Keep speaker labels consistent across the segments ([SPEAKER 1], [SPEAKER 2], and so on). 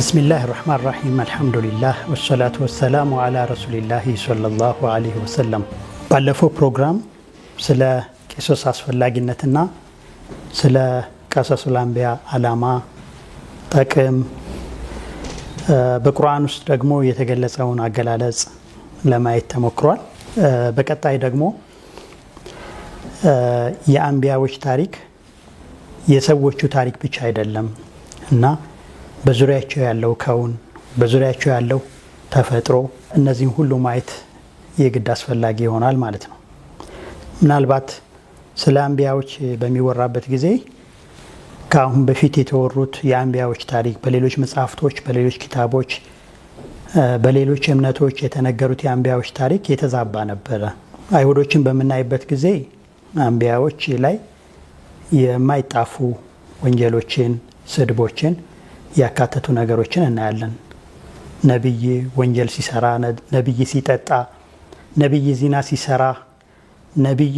[SPEAKER 1] ብስሚላህ ራህማን ራሂም አልሐምዱሊላህ ወሰላቱ ወሰላሙ አላ ረሱሊላህ ሰለላሁ አለይሂ ወሰለም። ባለፈው ፕሮግራም ስለ ቄሶስ አስፈላጊነትና ስለ ቀሰሱል አንቢያ አላማ ጥቅም በቁርአን ውስጥ ደግሞ የተገለጸውን አገላለጽ ለማየት ተሞክሯል። በቀጣይ ደግሞ የአንቢያዎች ታሪክ የሰዎቹ ታሪክ ብቻ አይደለም እና በዙሪያቸው ያለው ከውን በዙሪያቸው ያለው ተፈጥሮ እነዚህም ሁሉ ማየት የግድ አስፈላጊ ይሆናል ማለት ነው። ምናልባት ስለ አንቢያዎች በሚወራበት ጊዜ ከአሁን በፊት የተወሩት የአንቢያዎች ታሪክ በሌሎች መጽሐፍቶች፣ በሌሎች ኪታቦች፣ በሌሎች እምነቶች የተነገሩት የአንቢያዎች ታሪክ የተዛባ ነበረ። አይሁዶችን በምናይበት ጊዜ አንቢያዎች ላይ የማይጣፉ ወንጀሎችን፣ ስድቦችን ያካተቱ ነገሮችን እናያለን። ነቢይ ወንጀል ሲሰራ፣ ነቢይ ሲጠጣ፣ ነቢይ ዚና ሲሰራ፣ ነቢይ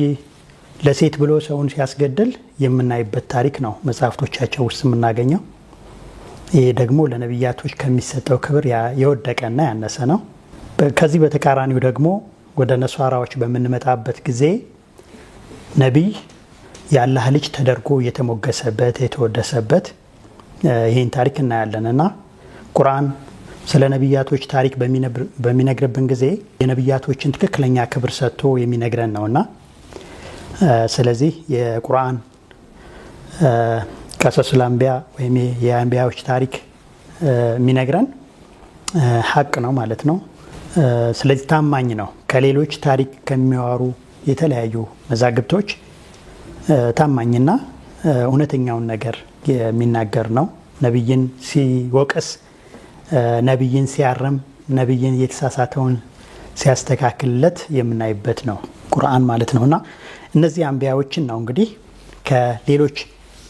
[SPEAKER 1] ለሴት ብሎ ሰውን ሲያስገድል የምናይበት ታሪክ ነው መጽሐፍቶቻቸው ውስጥ የምናገኘው። ይህ ደግሞ ለነቢያቶች ከሚሰጠው ክብር የወደቀና ያነሰ ነው። ከዚህ በተቃራኒው ደግሞ ወደ ነሷራዎች በምንመጣበት ጊዜ ነቢይ የአላህ ልጅ ተደርጎ የተሞገሰበት የተወደሰበት ይህን ታሪክ እናያለን እና ቁርአን ስለ ነቢያቶች ታሪክ በሚነግርብን ጊዜ የነቢያቶችን ትክክለኛ ክብር ሰጥቶ የሚነግረን ነውና ስለዚህ የቁርአን ቀሰሱል አንቢያ ወይም የአንቢያዎች ታሪክ የሚነግረን ሀቅ ነው ማለት ነው። ስለዚህ ታማኝ ነው። ከሌሎች ታሪክ ከሚዋሩ የተለያዩ መዛግብቶች ታማኝና እውነተኛውን ነገር የሚናገር ነው። ነቢይን ሲወቅስ፣ ነቢይን ሲያርም፣ ነቢይን የተሳሳተውን ሲያስተካክልለት የምናይበት ነው ቁርአን ማለት ነው። እና እነዚህ አንቢያዎችን ነው እንግዲህ ከሌሎች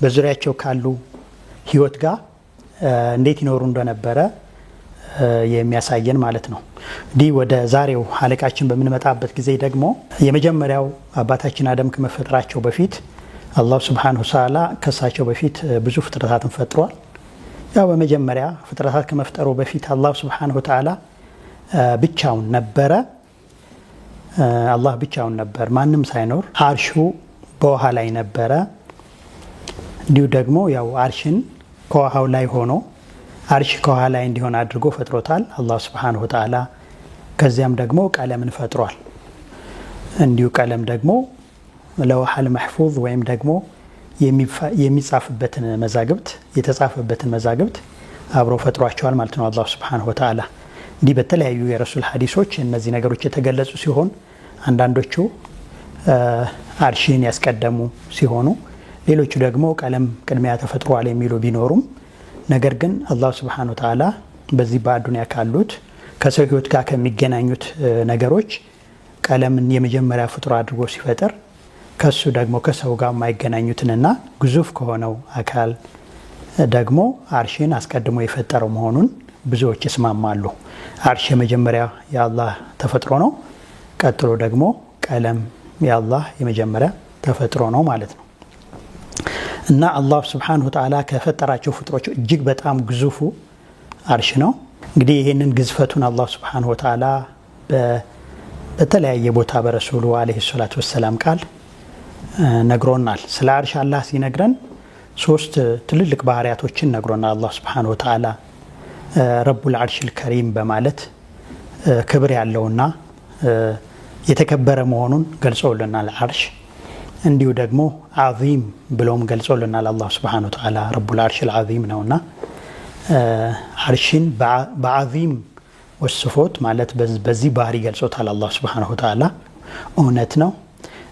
[SPEAKER 1] በዙሪያቸው ካሉ ህይወት ጋር እንዴት ይኖሩ እንደነበረ የሚያሳየን ማለት ነው። እንዲህ ወደ ዛሬው አለቃችን በምንመጣበት ጊዜ ደግሞ የመጀመሪያው አባታችን አደም ከመፈጠራቸው በፊት አላህ ስብሓነሁ ተዓላ ከእሳቸው በፊት ብዙ ፍጥረታትን ፈጥሯል። ያው በመጀመሪያ ፍጥረታት ከመፍጠሩ በፊት አላሁ ስብሓነሁ ተዓላ ብቻውን ነበረ። አላህ ብቻውን ነበር፣ ማንም ሳይኖር። አርሹ በውሃ ላይ ነበረ። እንዲሁ ደግሞ ያው አርሽን ከውሃው ላይ ሆኖ አርሽ ከውሃ ላይ እንዲሆን አድርጎ ፈጥሮታል አላሁ ስብሓነሁ ተዓላ። ከዚያም ደግሞ ቀለምን ፈጥሯል። እንዲሁ ቀለም ደግሞ ለውሃል መሕፉዝ ወይም ደግሞ የሚጻፍበትን መዛግብት የተጻፈበትን መዛግብት አብሮ ፈጥሯቸዋል ማለት ነው። አላሁ ስብሓነሁ ወተዓላ እንዲህ በተለያዩ የረሱል ሀዲሶች እነዚህ ነገሮች የተገለጹ ሲሆን አንዳንዶቹ አርሺን ያስቀደሙ ሲሆኑ፣ ሌሎቹ ደግሞ ቀለም ቅድሚያ ተፈጥሯል የሚሉ ቢኖሩም ነገር ግን አላሁ ስብሓነሁ ወተዓላ በዚህ በአዱንያ ካሉት ከሰው ህይወት ጋር ከሚገናኙት ነገሮች ቀለምን የመጀመሪያ ፍጡር አድርጎ ሲፈጥር ከሱ ደግሞ ከሰው ጋር የማይገናኙትንና ግዙፍ ከሆነው አካል ደግሞ አርሽን አስቀድሞ የፈጠረው መሆኑን ብዙዎች ይስማማሉ። አርሽ የመጀመሪያ የአላህ ተፈጥሮ ነው። ቀጥሎ ደግሞ ቀለም የአላህ የመጀመሪያ ተፈጥሮ ነው ማለት ነው እና አላህ ስብሓነሁ ወተዓላ ከፈጠራቸው ፍጥሮች እጅግ በጣም ግዙፉ አርሽ ነው። እንግዲህ ይህንን ግዝፈቱን አላህ ስብሓነሁ ወተዓላ በተለያየ ቦታ በረሱሉ አለይሂ ሰላቱ ወሰላም ቃል ነግሮናል። ስለ አርሽ አላህ ሲነግረን ሶስት ትልልቅ ባህሪያቶችን ነግሮናል። አላህ ስብሓነ ወተዓላ ረቡል አርሽል ከሪም በማለት ክብር ያለውና የተከበረ መሆኑን ገልጾልናል። አርሽ እንዲሁ ደግሞ አዚም ብሎም ገልጾልናል። አላህ ስብሓነ ወተዓላ ረቡል አርሽል አዚም ነውና አርሽን በአዚም ወስፎት ማለት በዚህ ባህሪ ገልጾታል። አላህ ስብሓነ ወተዓላ እውነት ነው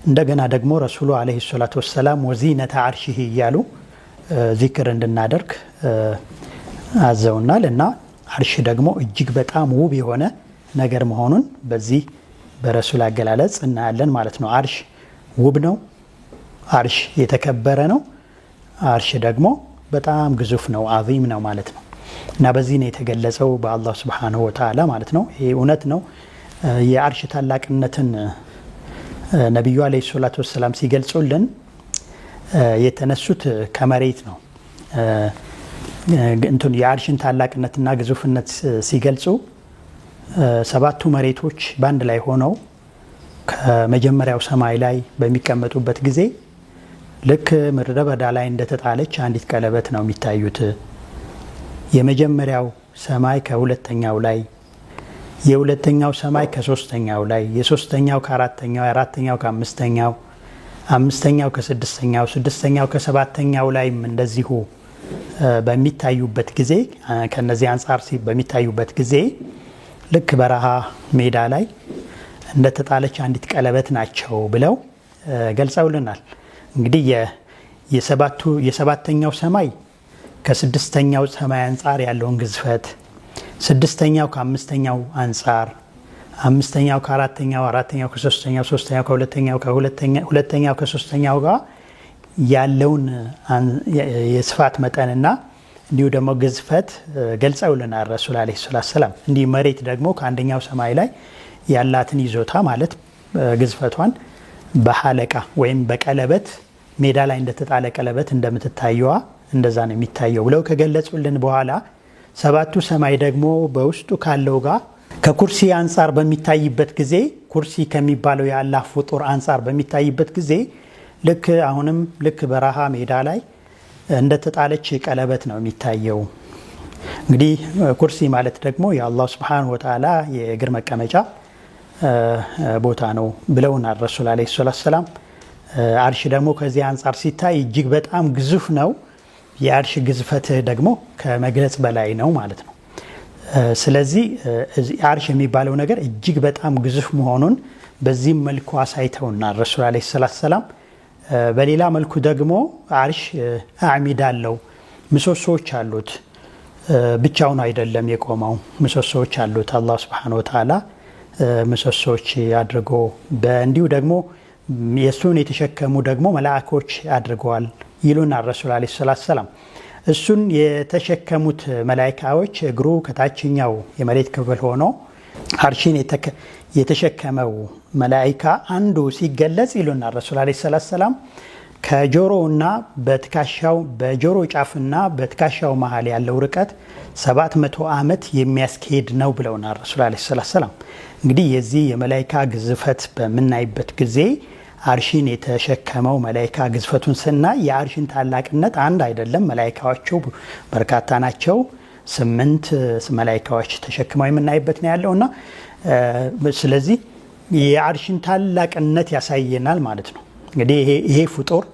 [SPEAKER 1] እንደገና ደግሞ ረሱሉ አለይሂ ሰላቱ ወሰላም ወዚነተ አርሽህ እያሉ ዚክር እንድናደርግ አዘውናል እና አርሽ ደግሞ እጅግ በጣም ውብ የሆነ ነገር መሆኑን በዚህ በረሱል አገላለጽ እናያለን ማለት ነው። አርሽ ውብ ነው። አርሽ የተከበረ ነው። አርሽ ደግሞ በጣም ግዙፍ ነው፣ አዚም ነው ማለት ነው እና በዚህ ነው የተገለጸው በአላህ ሱብሓነሁ ወተዓላ ማለት ነው። ይህ እውነት ነው። የአርሽ ታላቅነትን ነቢዩ አለ ሰላት ወሰላም ሲገልጹልን የተነሱት ከመሬት ነው። እንትን የአርሽን ታላቅነትና ግዙፍነት ሲገልጹ ሰባቱ መሬቶች በአንድ ላይ ሆነው ከመጀመሪያው ሰማይ ላይ በሚቀመጡበት ጊዜ ልክ ምድረ በዳ ላይ እንደተጣለች አንዲት ቀለበት ነው የሚታዩት። የመጀመሪያው ሰማይ ከሁለተኛው ላይ የሁለተኛው ሰማይ ከሶስተኛው ላይ፣ የሶስተኛው ከአራተኛው፣ የአራተኛው ከአምስተኛው፣ አምስተኛው ከስድስተኛው፣ ስድስተኛው ከሰባተኛው ላይም እንደዚሁ በሚታዩበት ጊዜ ከነዚህ አንጻር በሚታዩበት ጊዜ ልክ በረሃ ሜዳ ላይ እንደተጣለች አንዲት ቀለበት ናቸው ብለው ገልጸውልናል። እንግዲህ የሰባቱ የሰባተኛው ሰማይ ከስድስተኛው ሰማይ አንጻር ያለውን ግዝፈት ስድስተኛው ከአምስተኛው አንጻር አምስተኛው ከአራተኛው አራተኛው ከሶስተኛው ሶስተኛው ከሁለተኛው ሁለተኛው ከሶስተኛው ጋር ያለውን የስፋት መጠንና እንዲሁ ደግሞ ግዝፈት ገልጸውልናል ረሱል ዓለይሂ ሰላቱ ወሰላም። እንዲህ መሬት ደግሞ ከአንደኛው ሰማይ ላይ ያላትን ይዞታ ማለት ግዝፈቷን በሀለቃ ወይም በቀለበት ሜዳ ላይ እንደተጣለ ቀለበት እንደምትታየዋ እንደዛ ነው የሚታየው ብለው ከገለጹልን በኋላ ሰባቱ ሰማይ ደግሞ በውስጡ ካለው ጋር ከኩርሲ አንጻር በሚታይበት ጊዜ ኩርሲ ከሚባለው የአላህ ፍጡር አንጻር በሚታይበት ጊዜ ልክ አሁንም ልክ በረሃ ሜዳ ላይ እንደተጣለች ቀለበት ነው የሚታየው። እንግዲህ ኩርሲ ማለት ደግሞ የአላህ ሱብሓነሁ ወተዓላ የእግር መቀመጫ ቦታ ነው ብለውናል ረሱል ዓለይሂ ሰላም። አርሽ ደግሞ ከዚህ አንጻር ሲታይ እጅግ በጣም ግዙፍ ነው። የአርሽ ግዝፈትህ ደግሞ ከመግለጽ በላይ ነው ማለት ነው። ስለዚህ አርሽ የሚባለው ነገር እጅግ በጣም ግዙፍ መሆኑን በዚህም መልኩ አሳይተውና ረሱል ዓለይሂ ሰላቱ ሰላም። በሌላ መልኩ ደግሞ አርሽ አዕሚድ አለው፣ ምሰሶዎች አሉት። ብቻውን አይደለም የቆመው፣ ምሰሶዎች አሉት። አላህ ሱብሓነሁ ወተዓላ ምሰሶዎች አድርጎ እንዲሁ ደግሞ የእሱን የተሸከሙ ደግሞ መላእኮች አድርገዋል። ይሉናል ረሱል ዓለይሂ ሰላቱ ሰላም። እሱን የተሸከሙት መላይካዎች እግሩ ከታችኛው የመሬት ክፍል ሆኖ አርሺን የተሸከመው መላይካ አንዱ ሲገለጽ ይሉናል ረሱል ዓለይሂ ሰላቱ ሰላም ከጆሮውና በትካሻው በጆሮ ጫፍና በትካሻው መሀል ያለው ርቀት 700 ዓመት የሚያስኬድ ነው ብለውናል ረሱል ዓለይሂ ሰላቱ ሰላም። እንግዲህ የዚህ የመላይካ ግዝፈት በምናይበት ጊዜ አርሽን የተሸከመው መላይካ ግዝፈቱን ስናይ የአርሽን ታላቅነት አንድ አይደለም። መላይካዎቹ በርካታ ናቸው። ስምንት መላይካዎች ተሸክመው የምናይበት ነው ያለው እና ስለዚህ የአርሽን ታላቅነት ያሳየናል ማለት ነው። እንግዲህ ይሄ ፍጡር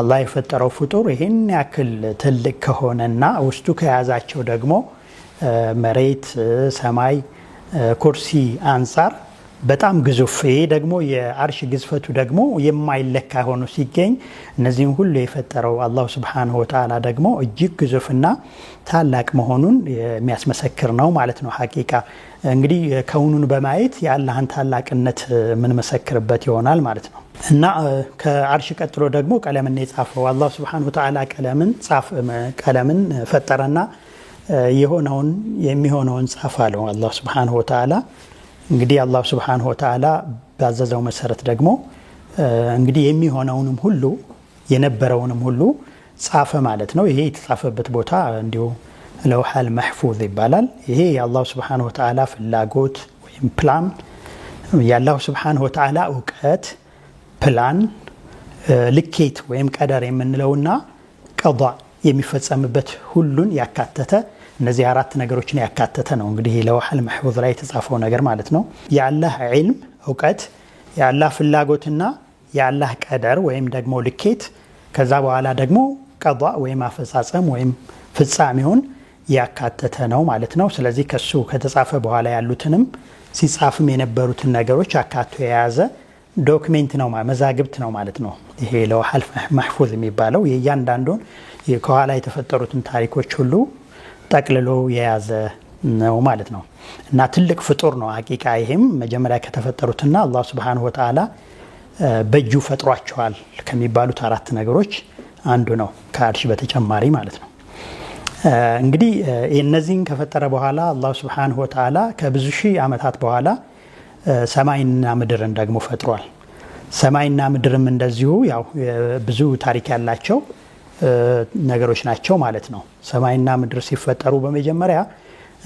[SPEAKER 1] አላህ የፈጠረው ፍጡር ይህን ያክል ትልቅ ከሆነና ውስጡ ከያዛቸው ደግሞ መሬት፣ ሰማይ፣ ኩርሲ አንጻር በጣም ግዙፍ ይሄ ደግሞ የአርሽ ግዝፈቱ ደግሞ የማይለካ ሆኖ ሲገኝ እነዚህም ሁሉ የፈጠረው አላሁ ስብሓነሁ ወተዓላ ደግሞ እጅግ ግዙፍና ታላቅ መሆኑን የሚያስመሰክር ነው ማለት ነው። ሀቂቃ እንግዲህ ከውኑን በማየት የአላህን ታላቅነት የምንመሰክርበት ይሆናል ማለት ነው። እና ከአርሽ ቀጥሎ ደግሞ ቀለምን የጻፈው አላሁ ስብሓነሁ ወተዓላ ቀለምን ጻፍ ቀለምን ፈጠረና የሆነውን የሚሆነውን ጻፍ አለው አላሁ ስብሓነሁ ወተዓላ እንግዲህ አላህ ስብሓንሁ ወተዓላ ባዘዘው መሰረት ደግሞ እንግዲህ የሚሆነውንም ሁሉ የነበረውንም ሁሉ ጻፈ ማለት ነው። ይሄ የተጻፈበት ቦታ እንዲሁ ለውሃል መሕፉዝ ይባላል። ይሄ የአላሁ ስብሓንሁ ወተዓላ ፍላጎት ወይም ፕላን የአላሁ ስብሓንሁ ወተዓላ እውቀት ፕላን ልኬት ወይም ቀደር የምንለውና ቀዷ የሚፈጸምበት ሁሉን ያካተተ እነዚህ አራት ነገሮችን ያካተተ ነው። እንግዲህ ለውሃል መሕፉዝ ላይ የተጻፈው ነገር ማለት ነው። የአላህ ዒልም እውቀት፣ የአላህ ፍላጎትና የአላህ ቀደር ወይም ደግሞ ልኬት፣ ከዛ በኋላ ደግሞ ቀዷ ወይም አፈጻጸም ወይም ፍጻሜውን ያካተተ ነው ማለት ነው። ስለዚህ ከሱ ከተጻፈ በኋላ ያሉትንም ሲጻፍም የነበሩትን ነገሮች አካቶ የያዘ ዶክሜንት ነው፣ መዛግብት ነው ማለት ነው። ይሄ ለውሃል መሕፉዝ የሚባለው የእያንዳንዱን ከኋላ የተፈጠሩትን ታሪኮች ሁሉ ጠቅልሎ የያዘ ነው ማለት ነው እና ትልቅ ፍጡር ነው አቂቃ። ይህም መጀመሪያ ከተፈጠሩትና አላህ ሱብሓነሁ ወተዓላ በእጁ ፈጥሯቸዋል ከሚባሉት አራት ነገሮች አንዱ ነው ከአርሽ በተጨማሪ ማለት ነው። እንግዲህ እነዚህን ከፈጠረ በኋላ አላህ ሱብሓነሁ ወተዓላ ከብዙ ሺህ ዓመታት በኋላ ሰማይና ምድርን ደግሞ ፈጥሯል። ሰማይና ምድርም እንደዚሁ ያው ብዙ ታሪክ ያላቸው ነገሮች ናቸው ማለት ነው። ሰማይና ምድር ሲፈጠሩ በመጀመሪያ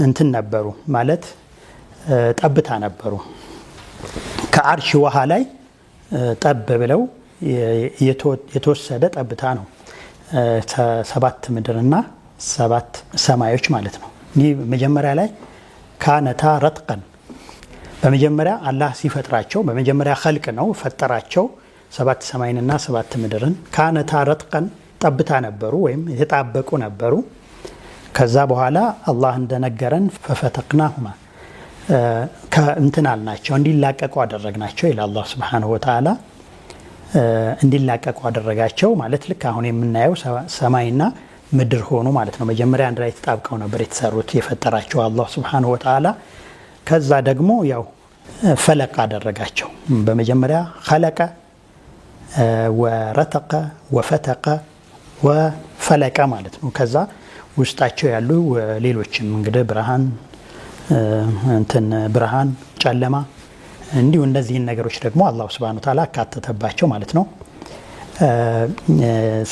[SPEAKER 1] እንትን ነበሩ ማለት ጠብታ ነበሩ። ከአርሽ ውሃ ላይ ጠብ ብለው የተወሰደ ጠብታ ነው ሰባት ምድርና ሰባት ሰማዮች ማለት ነው። ይህ መጀመሪያ ላይ ካነታ ረጥቀን በመጀመሪያ አላህ ሲፈጥራቸው በመጀመሪያ ኸልቅ ነው ፈጠራቸው ሰባት ሰማይንና ሰባት ምድርን ካነታ ረጥቀን ጠብታ ነበሩ ወይም የተጣበቁ ነበሩ። ከዛ በኋላ አላህ እንደነገረን ፈፈተቅናሁማ ከእንትን አልናቸው እንዲላቀቁ አደረግናቸው ይላል አላህ ሱብሓነሁ ወተዓላ። እንዲላቀቁ አደረጋቸው ማለት ልክ አሁን የምናየው ሰማይና ምድር ሆኑ ማለት ነው። መጀመሪያ አንድ ላይ ተጣብቀው ነበር የተሰሩት የፈጠራቸው አላህ ሱብሓነሁ ወተዓላ። ከዛ ደግሞ ያው ፈለቅ አደረጋቸው። በመጀመሪያ ኸለቀ ወረተቀ ወፈተቀ ወፈለቀ ማለት ነው። ከዛ ውስጣቸው ያሉ ሌሎችም እንግዲህ ብርሃን እንትን ብርሃን፣ ጨለማ እንዲሁ እነዚህን ነገሮች ደግሞ አላሁ ስብሃነ ወተዓላ አካተተባቸው ማለት ነው።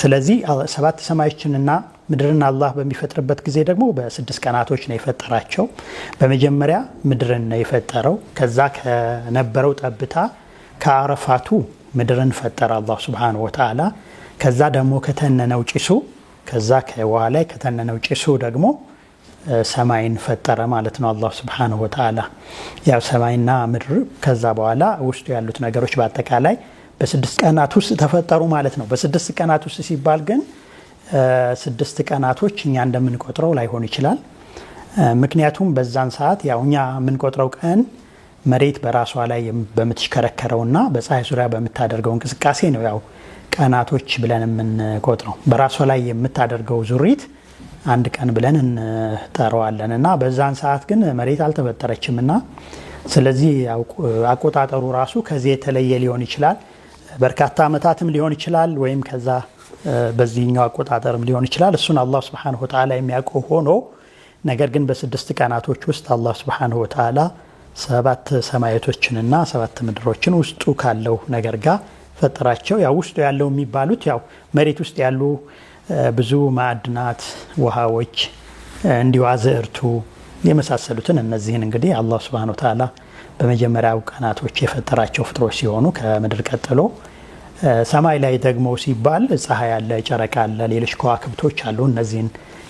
[SPEAKER 1] ስለዚህ ሰባት ሰማዮችንና ምድርን አላህ በሚፈጥርበት ጊዜ ደግሞ በስድስት ቀናቶች ነው የፈጠራቸው። በመጀመሪያ ምድርን ነው የፈጠረው። ከዛ ከነበረው ጠብታ ከአረፋቱ ምድርን ፈጠረ አላሁ ስብሃነ ወተዓላ ከዛ ደግሞ ከተነነው ጭሱ ከዛ ከውሃ ላይ ከተነነው ጭሱ ደግሞ ሰማይን ፈጠረ ማለት ነው አላሁ ስብሓነሁ ወተዓላ። ያው ሰማይና ምድር ከዛ በኋላ ውስጡ ያሉት ነገሮች በአጠቃላይ በስድስት ቀናት ውስጥ ተፈጠሩ ማለት ነው። በስድስት ቀናት ውስጥ ሲባል ግን ስድስት ቀናቶች እኛ እንደምንቆጥረው ላይሆን ይችላል። ምክንያቱም በዛን ሰዓት ያው እኛ የምንቆጥረው ቀን መሬት በራሷ ላይ በምትሽከረከረውና በፀሐይ ዙሪያ በምታደርገው እንቅስቃሴ ነው ያው ቀናቶች ብለን የምንቆጥረው በራሷ ላይ የምታደርገው ዙሪት አንድ ቀን ብለን እንጠራዋለን እና በዛን ሰዓት ግን መሬት አልተፈጠረችም እና ስለዚህ አቆጣጠሩ ራሱ ከዚህ የተለየ ሊሆን ይችላል። በርካታ ዓመታትም ሊሆን ይችላል ወይም ከዛ በዚህኛው አቆጣጠርም ሊሆን ይችላል። እሱን አላህ ስብሓነሁ ወተዓላ የሚያውቀው ሆኖ ነገር ግን በስድስት ቀናቶች ውስጥ አላህ ስብሓነሁ ወተዓላ ሰባት ሰማያቶችንና ሰባት ምድሮችን ውስጡ ካለው ነገር ጋር ፈጠራቸው። ያው ውስጡ ያለው የሚባሉት ያው መሬት ውስጥ ያሉ ብዙ ማዕድናት፣ ውሃዎች፣ እንዲሁ አዘርቱ የመሳሰሉትን እነዚህን እንግዲህ አላህ ሱብሃነሁ ወተዓላ በመጀመሪያው ቀናቶች የፈጠራቸው ፍጥሮች ሲሆኑ ከምድር ቀጥሎ ሰማይ ላይ ደግሞ ሲባል ፀሐይ አለ፣ ጨረቃ አለ፣ ሌሎች ከዋክብቶች አሉ። እነዚህን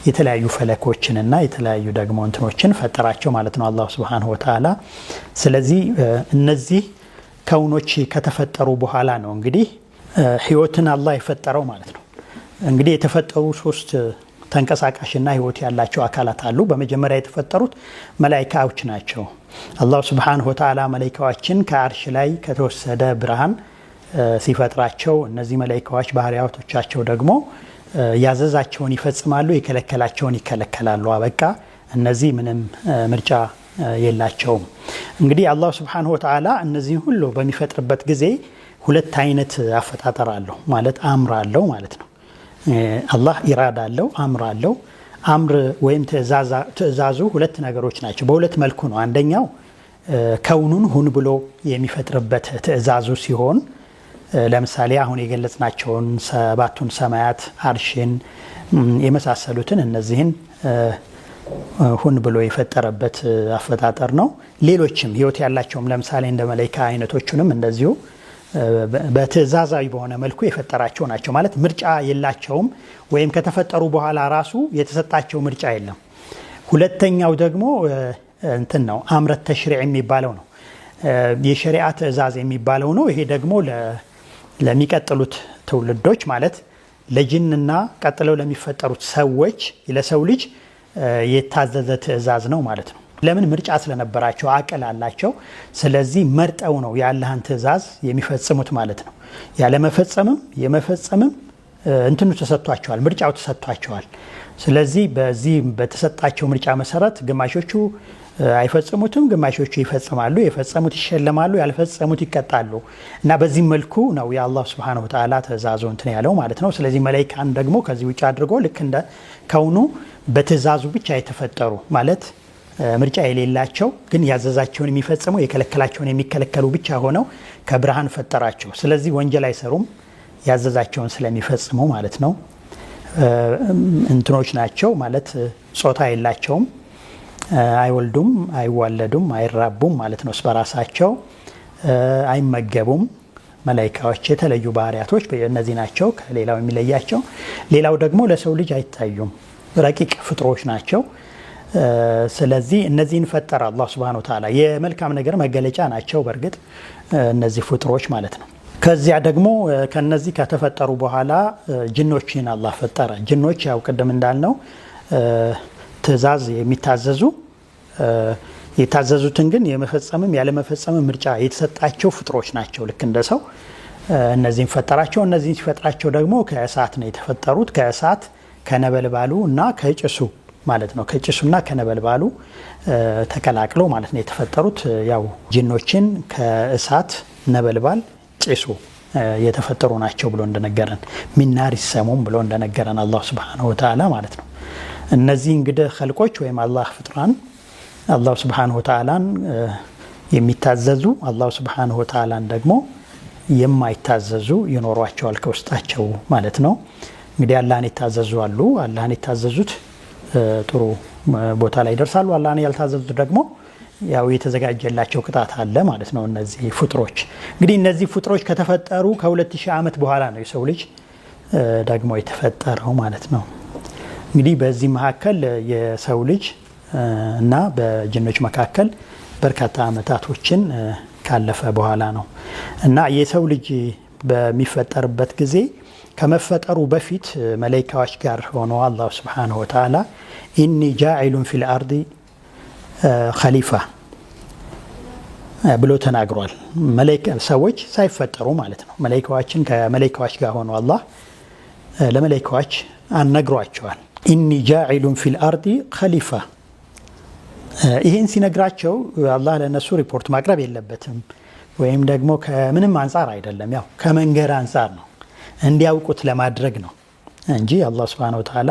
[SPEAKER 1] የተለያዩ ፈለኮችንና የተለያዩ ደግሞ እንትኖችን ፈጠራቸው ማለት ነው አላህ ሱብሃነሁ ወተዓላ። ስለዚህ እነዚህ ከውኖች ከተፈጠሩ በኋላ ነው እንግዲህ ህይወትን አላህ የፈጠረው ማለት ነው። እንግዲህ የተፈጠሩ ሶስት ተንቀሳቃሽና ህይወት ያላቸው አካላት አሉ። በመጀመሪያ የተፈጠሩት መላይካዎች ናቸው። አላሁ ስብሓነሁ ወተዓላ መላይካዎችን ከአርሽ ላይ ከተወሰደ ብርሃን ሲፈጥራቸው እነዚህ መላይካዎች ባህሪያቶቻቸው ደግሞ ያዘዛቸውን ይፈጽማሉ፣ የከለከላቸውን ይከለከላሉ። አበቃ። እነዚህ ምንም ምርጫ የላቸውም። እንግዲህ አላሁ ስብሓንሁ ወተዓላ እነዚህን ሁሉ በሚፈጥርበት ጊዜ ሁለት አይነት አፈጣጠር አለው ማለት አምር አለው ማለት ነው። አላህ ኢራዳ አለው፣ አምር አለው። አምር ወይም ትዕዛዙ ሁለት ነገሮች ናቸው። በሁለት መልኩ ነው። አንደኛው ከውኑን ሁን ብሎ የሚፈጥርበት ትዕዛዙ ሲሆን ለምሳሌ አሁን የገለጽናቸውን ሰባቱን ሰማያት አርሽን የመሳሰሉትን እነዚህን ሁን ብሎ የፈጠረበት አፈጣጠር ነው። ሌሎችም ህይወት ያላቸውም ለምሳሌ እንደ መላይካ አይነቶቹንም እንደዚሁ በትዕዛዛዊ በሆነ መልኩ የፈጠራቸው ናቸው። ማለት ምርጫ የላቸውም ወይም ከተፈጠሩ በኋላ ራሱ የተሰጣቸው ምርጫ የለም። ሁለተኛው ደግሞ እንትን ነው አምረት ተሽሪዕ የሚባለው ነው የሸሪዓ ትእዛዝ የሚባለው ነው። ይሄ ደግሞ ለሚቀጥሉት ትውልዶች ማለት ለጅንና ቀጥለው ለሚፈጠሩት ሰዎች ለሰው ልጅ የታዘዘ ትዕዛዝ ነው ማለት ነው። ለምን ምርጫ ስለነበራቸው አቅል አላቸው። ስለዚህ መርጠው ነው የአላህን ትዕዛዝ የሚፈጽሙት ማለት ነው። ያለመፈጸምም የመፈጸምም እንትኑ ተሰጥቷቸዋል፣ ምርጫው ተሰጥቷቸዋል። ስለዚህ በዚህ በተሰጣቸው ምርጫ መሰረት ግማሾቹ አይፈጽሙትም። ግማሾቹ ይፈጽማሉ። የፈጸሙት ይሸለማሉ፣ ያልፈጸሙት ይቀጣሉ እና በዚህ መልኩ ነው የአላህ ስብሐነሁ ወተዓላ ትእዛዙ እንትን ያለው ማለት ነው። ስለዚህ መላይካን ደግሞ ከዚህ ውጭ አድርጎ ልክ እንደ ከውኑ በትእዛዙ ብቻ የተፈጠሩ ማለት ምርጫ የሌላቸው ግን ያዘዛቸውን የሚፈጽሙ የከለከላቸውን የሚከለከሉ ብቻ ሆነው ከብርሃን ፈጠራቸው። ስለዚህ ወንጀል አይሰሩም፣ ያዘዛቸውን ስለሚፈጽሙ ማለት ነው። እንትኖች ናቸው ማለት ጾታ የላቸውም። አይወልዱም፣ አይዋለዱም፣ አይራቡም ማለት ነው። በራሳቸው አይመገቡም። መላይካዎች የተለዩ ባህሪያቶች እነዚህ ናቸው፣ ከሌላው የሚለያቸው። ሌላው ደግሞ ለሰው ልጅ አይታዩም፣ ረቂቅ ፍጥሮች ናቸው። ስለዚህ እነዚህን ፈጠረ አላህ ሱብሃነ ወተዓላ። የመልካም ነገር መገለጫ ናቸው በእርግጥ እነዚህ ፍጥሮች ማለት ነው። ከዚያ ደግሞ ከነዚህ ከተፈጠሩ በኋላ ጅኖችን አላህ ፈጠረ። ጅኖች ያው ቅድም እንዳልነው ትእዛዝ የሚታዘዙ የታዘዙትን ግን የመፈጸምም ያለመፈጸምም ምርጫ የተሰጣቸው ፍጥሮች ናቸው። ልክ እንደ ሰው እነዚህን ፈጠራቸው። እነዚህን ሲፈጥራቸው ደግሞ ከእሳት ነው የተፈጠሩት። ከእሳት ከነበልባሉ እና ከጭሱ ማለት ነው። ከጭሱና ከነበልባሉ ተቀላቅለው ማለት ነው የተፈጠሩት። ያው ጅኖችን ከእሳት ነበልባል፣ ጭሱ የተፈጠሩ ናቸው ብሎ እንደነገረን ሚናር ይሰሙም ብሎ እንደነገረን አላህ ሱብሓነሁ ወተዓላ ማለት ነው። እነዚህ እንግዲህ ኸልቆች ወይም አላህ ፍጡራን አላሁ ስብሓነሁ ወተዓላን የሚታዘዙ አላሁ ስብሓነሁ ወተዓላን ደግሞ የማይታዘዙ ይኖሯቸዋል ከውስጣቸው ማለት ነው። እንግዲህ አላህን የታዘዙ አሉ። አላህን የታዘዙት ጥሩ ቦታ ላይ ይደርሳሉ። አላህን ያልታዘዙት ደግሞ ያው የተዘጋጀላቸው ቅጣት አለ ማለት ነው። እነዚህ ፍጥሮች እንግዲህ እነዚህ ፍጥሮች ከተፈጠሩ ከ2000 ዓመት በኋላ ነው የሰው ልጅ ደግሞ የተፈጠረው ማለት ነው። እንግዲህ በዚህ መካከል የሰው ልጅ እና በጅኖች መካከል በርካታ አመታቶችን ካለፈ በኋላ ነው እና የሰው ልጅ በሚፈጠርበት ጊዜ ከመፈጠሩ በፊት መላይካዎች ጋር ሆኖ አላሁ ስብሓነሁ ወተዓላ ኢኒ ጃዒሉን ፊል አርዲ ኸሊፋ ብሎ ተናግሯል። ሰዎች ሳይፈጠሩ ማለት ነው። መላይካዎችን ከመላይካዎች ጋር ሆኖ አላህ ለመላይካዎች አነግሯቸዋል። ኢኒ ጃዒሉን ፊል አርዲ ኸሊፋ ይህን ሲነግራቸው አላህ ለእነሱ ሪፖርት ማቅረብ የለበትም ወይም ደግሞ ከምንም አንጻር አይደለም። ያው ከመንገድ አንጻር ነው እንዲያውቁት ለማድረግ ነው እንጂ አላህ ስብሃነ ወተዓላ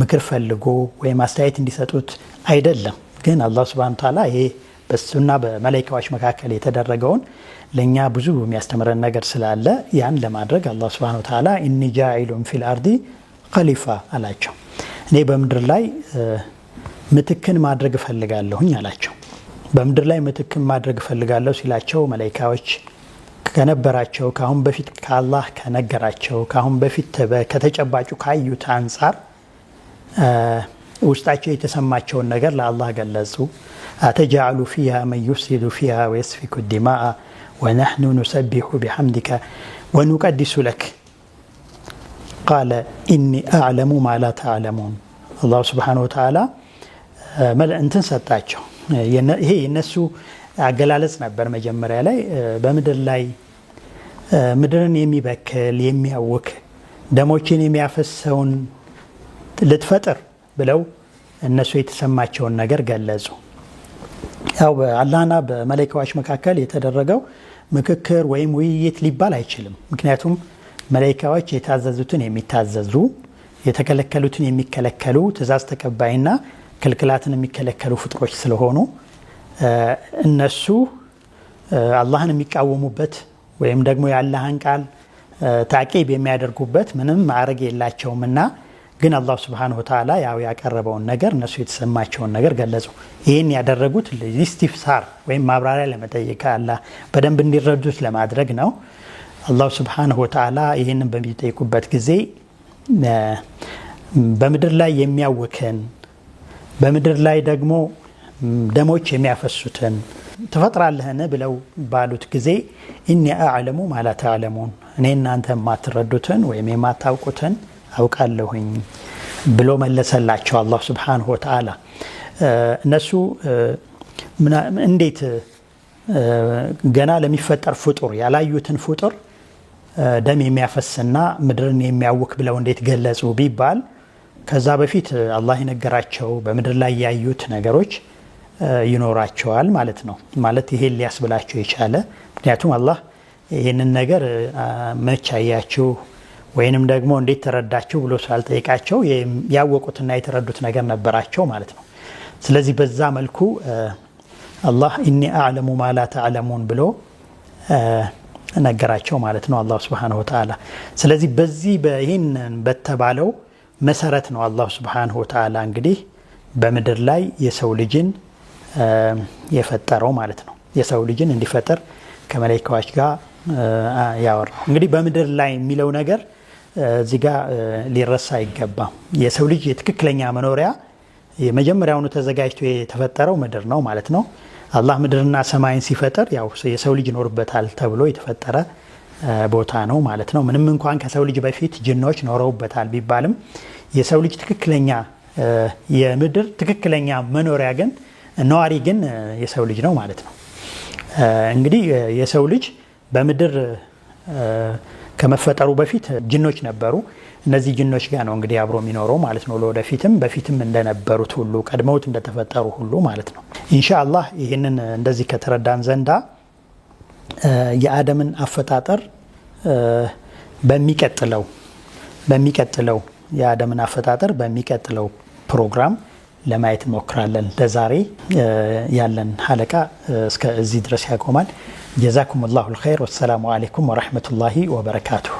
[SPEAKER 1] ምክር ፈልጎ ወይም አስተያየት እንዲሰጡት አይደለም። ግን አላህ ስብሃነ ወተዓላ ይሄ በሱና በመላይካዎች መካከል የተደረገውን ለእኛ ብዙ የሚያስተምረን ነገር ስላለ ያን ለማድረግ አላህ ስብሃነ ወተዓላ ኢኒ ጃኢሉን ፊል አርዲ አላቸው። እኔ በምድር ላይ ምትክን ማድረግ እፈልጋለሁኝ አላቸው። በምድር ላይ ምትክን ማድረግ እፈልጋለሁ ሲላቸው መላይካዎች ከነበራቸው ከአሁን በፊት ከአላህ ከነገራቸው ከአሁን በፊት ከተጨባጩ ካዩት አንጻር ውስጣቸው የተሰማቸውን ነገር ለአላህ ገለጹ። አተጃአሉ ፊሃ መን ዩፍሲዱ ፊሃ ወየስፊኩ ዲማአ ወነሕኑ ኑሰቢሑ ቢሐምዲከ ወኑቀዲሱ ለክ ቃለ ኢኒ አዕለሙ ማ ተዕለሙን አላሁ ስብሓነሁ ወተዓላ እንትን ሰጣቸው። ይሄ የነሱ አገላለጽ ነበር። መጀመሪያ ላይ በምድር ላይ ምድርን የሚበክል የሚያውክ ደሞችን የሚያፈሰውን ልትፈጥር ብለው እነሱ የተሰማቸውን ነገር ገለጹ። ያው በአላህና በመላይካዎች መካከል የተደረገው ምክክር ወይም ውይይት ሊባል አይችልም። ምክንያቱም መላይካዎች የታዘዙትን የሚታዘዙ የተከለከሉትን የሚከለከሉ ትእዛዝ ተቀባይና ክልክላትን የሚከለከሉ ፍጥሮች ስለሆኑ እነሱ አላህን የሚቃወሙበት ወይም ደግሞ የአላህን ቃል ታቂብ የሚያደርጉበት ምንም ማዕረግ የላቸውም እና ግን አላሁ ስብሓነሁ ወተዓላ ያው ያቀረበውን ነገር እነሱ የተሰማቸውን ነገር ገለጹ። ይህን ያደረጉት ኢስቲፍሳር ወይም ማብራሪያ ለመጠየቅ አላ በደንብ እንዲረዱት ለማድረግ ነው። አላሁ ስብሓነሁ ወተዓላ ይህንን በሚጠይቁበት ጊዜ በምድር ላይ የሚያውክን በምድር ላይ ደግሞ ደሞች የሚያፈሱትን ትፈጥራለህን ብለው ባሉት ጊዜ እኒ አዕለሙ ማለት አዕለሙን እኔ እናንተ የማትረዱትን ወይም የማታውቁትን አውቃለሁኝ ብሎ መለሰላቸው አላህ ስብሓንሁ ወተዓላ። እነሱ እንዴት ገና ለሚፈጠር ፍጡር ያላዩትን ፍጡር ደም የሚያፈስና ምድርን የሚያውክ ብለው እንዴት ገለጹ ቢባል ከዛ በፊት አላህ የነገራቸው በምድር ላይ ያዩት ነገሮች ይኖራቸዋል ማለት ነው። ማለት ይሄን ሊያስብላቸው የቻለ ምክንያቱም አላህ ይህንን ነገር መች አያችሁ ወይንም ደግሞ እንዴት ተረዳችሁ ብሎ ስላልጠይቃቸው ያወቁትና የተረዱት ነገር ነበራቸው ማለት ነው። ስለዚህ በዛ መልኩ አላህ ኢኒ አዕለሙ ማላ ተዕለሙን ብሎ ነገራቸው ማለት ነው አላህ ሱብሓነሁ ወተዓላ። ስለዚህ በዚህ ይህን በተባለው መሰረት ነው። አላሁ ስብሓንሁ ወተዓላ እንግዲህ በምድር ላይ የሰው ልጅን የፈጠረው ማለት ነው። የሰው ልጅን እንዲፈጠር ከመላይካዎች ጋር ያወራው እንግዲህ በምድር ላይ የሚለው ነገር እዚህ ጋ ሊረሳ አይገባም። የሰው ልጅ የትክክለኛ መኖሪያ የመጀመሪያውኑ ተዘጋጅቶ የተፈጠረው ምድር ነው ማለት ነው። አላህ ምድርና ሰማይን ሲፈጥር ያው የሰው ልጅ ይኖርበታል ተብሎ የተፈጠረ ቦታ ነው ማለት ነው። ምንም እንኳን ከሰው ልጅ በፊት ጅኖች ኖረውበታል ቢባልም የሰው ልጅ ትክክለኛ የምድር ትክክለኛ መኖሪያ ግን ነዋሪ ግን የሰው ልጅ ነው ማለት ነው። እንግዲህ የሰው ልጅ በምድር ከመፈጠሩ በፊት ጅኖች ነበሩ። እነዚህ ጅኖች ጋር ነው እንግዲህ አብሮ የሚኖረው ማለት ነው። ለወደፊትም በፊትም እንደነበሩት ሁሉ ቀድመውት እንደተፈጠሩ ሁሉ ማለት ነው። ኢንሻ አላህ ይህንን እንደዚህ ከተረዳን ዘንዳ የአደምን አፈጣጠር በሚቀጥለው በሚቀጥለው የአደምን አፈጣጠር በሚቀጥለው ፕሮግራም ለማየት እንሞክራለን። ለዛሬ ያለን ሀለቃ እስከ እዚህ ድረስ ያቆማል። ጀዛኩም ላሁ ልኸይር። ወሰላሙ አሌይኩም ወረሕመቱላሂ ወበረካቱሁ።